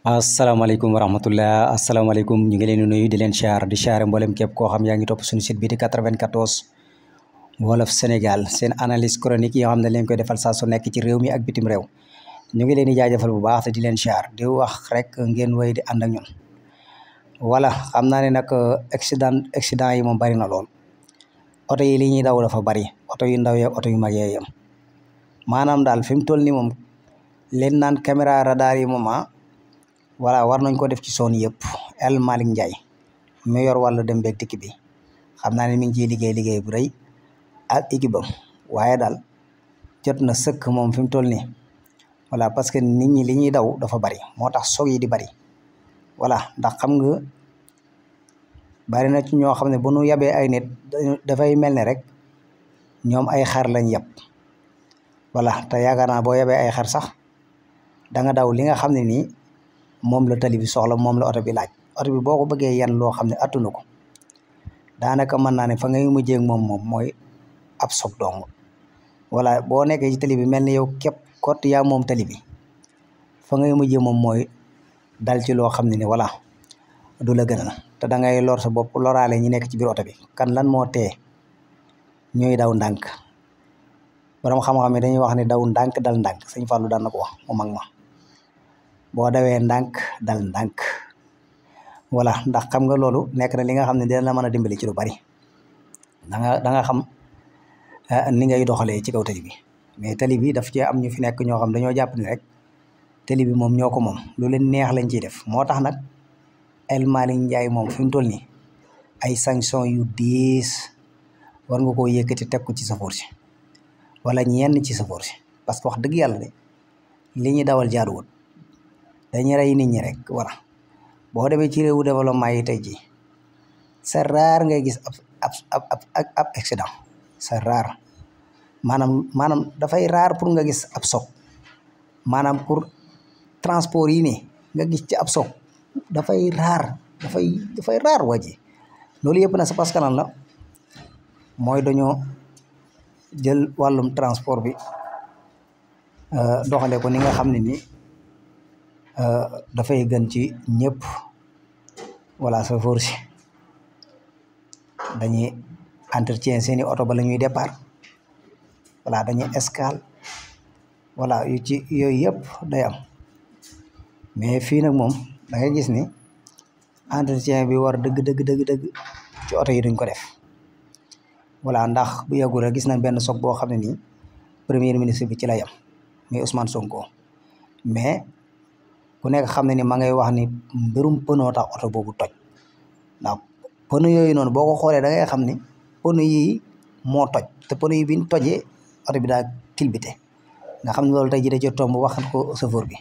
asalaamaaleykum wa rahmatullah asalaamaaleykum ñu ngi leen di nuyu di leen siyaar di siyaare mboolem képp koo xam yaa ngi topp suñu site bi di 94 wolof Sénégal seen analyse chronique yoo xam ne leen koy defal saa su nekk ci réew mi ak bitim réew ñu ngi leen di jaajëfal bu baax te di leen siyaar wax rek ngeen way di ànd ak ñun voilà xam naa ne nag euh, accident accident yi bari na lool oto yi li ñuy daw dafa bari oto yu ndaw yeeg oto yu mag yee yem maanaam daal fi toll nii moom voilà war nañ ko def ci zone yëpp El Malick Ndiaye mu yor wàllu dem beeg dikk bi xam naa ne mi ngi ciy liggéey liggéey bu rëy ak équipe am waaye daal jot na sëkk moom fi mu toll nii voilà parce que nit ñi li ñuy daw dafa bari moo tax soog yi di bari voilà ndax xam nga bari na ci ñoo xam ne bo nu yabee ay nit dafay mel ne rek ñoom ay xar lañ yab wala te yaakaar naa boo yabee ay xar sax da nga daw li nga xam ne nii. moom la tali bi soxla moom la oto bi laaj oto bi boo ko bëggee yan loo xam ne attunu ko daanaka mën naa ne fa nga mujjee ak moom moom mooy ab sob wala boo nekkee ci tali bi mel ni yow képp kott yaa moom tali bi fa ngay mujjee moom mooy dal ci loo xam ne ni wala du la gënal te da ngay lor sa bopp loraale ñi nekk ci biir oto bi kan lan moo tee ñooy daw ndànk borom xam-xam yi dañuy wax ne daw ndànk dal ndànk sëñ Fallou daan na ko wax mu mag ma boo dawee ndànk dal ndànk voilà ndax xam nga loolu nekk na li nga xam ne dina la mën a dimbali ci lu bari danga nga da nga xam eh, ni ngay doxalee ci kaw tali bi mais tali bi daf cee am ñu fi nekk ñoo xam dañoo jàpp ni rek tali bi moom ñoo ko moom lu leen neex lañ ciy def moo tax nag El Malick Ndiaye moom fi mu toll nii ay sanction yu diis war nga koo yëkkati teg ko ci sa force wala ñenn ci sa force parce que wax dëgg yàlla de li ñuy dawal jaaduwul. dañuy rey nit ñi rek voilà boo demee ci réewu développement yi tey ji c'est rare ngay gis ab ab ab ab accident c'est rare maanaam maanaam dafay raar pour nga gis ab soog maanaam pour transport yi nii nga gis ci ab soog dafay rare dafay dafay ji loolu yëpp na c'est parce que lan la mooy dañoo jël wàllum transport bi euh, doxalee ko ni nga xam ne nii Euh, dafay gën ci ñëpp wala safoor si dañuy entretien seeni oto ba la ñuy départ wala dañuy escale wala yu ci yooyu yëpp day am mais fii nag moom da ngay gis ni entretien bi war dëgg dëgg dëgg dëgg ci oto yi duñ ko def wala ndax bu yàggul a gis nañ benn soog boo xam ne nii premier ministre bi ci la yam muy Ousmane Sonko mais ku nekk xam ne ni ma ngay wax ni mbirum pënoo tax oto boobu toj ndax pëno yooyu noonu boo ko xoolee da ngay xam ne pëno yi moo toj te pëno yi biñ tojee oto bi daa tilbite nga xam ne loolu tey ji da ci tomb wax ko chauffeur bi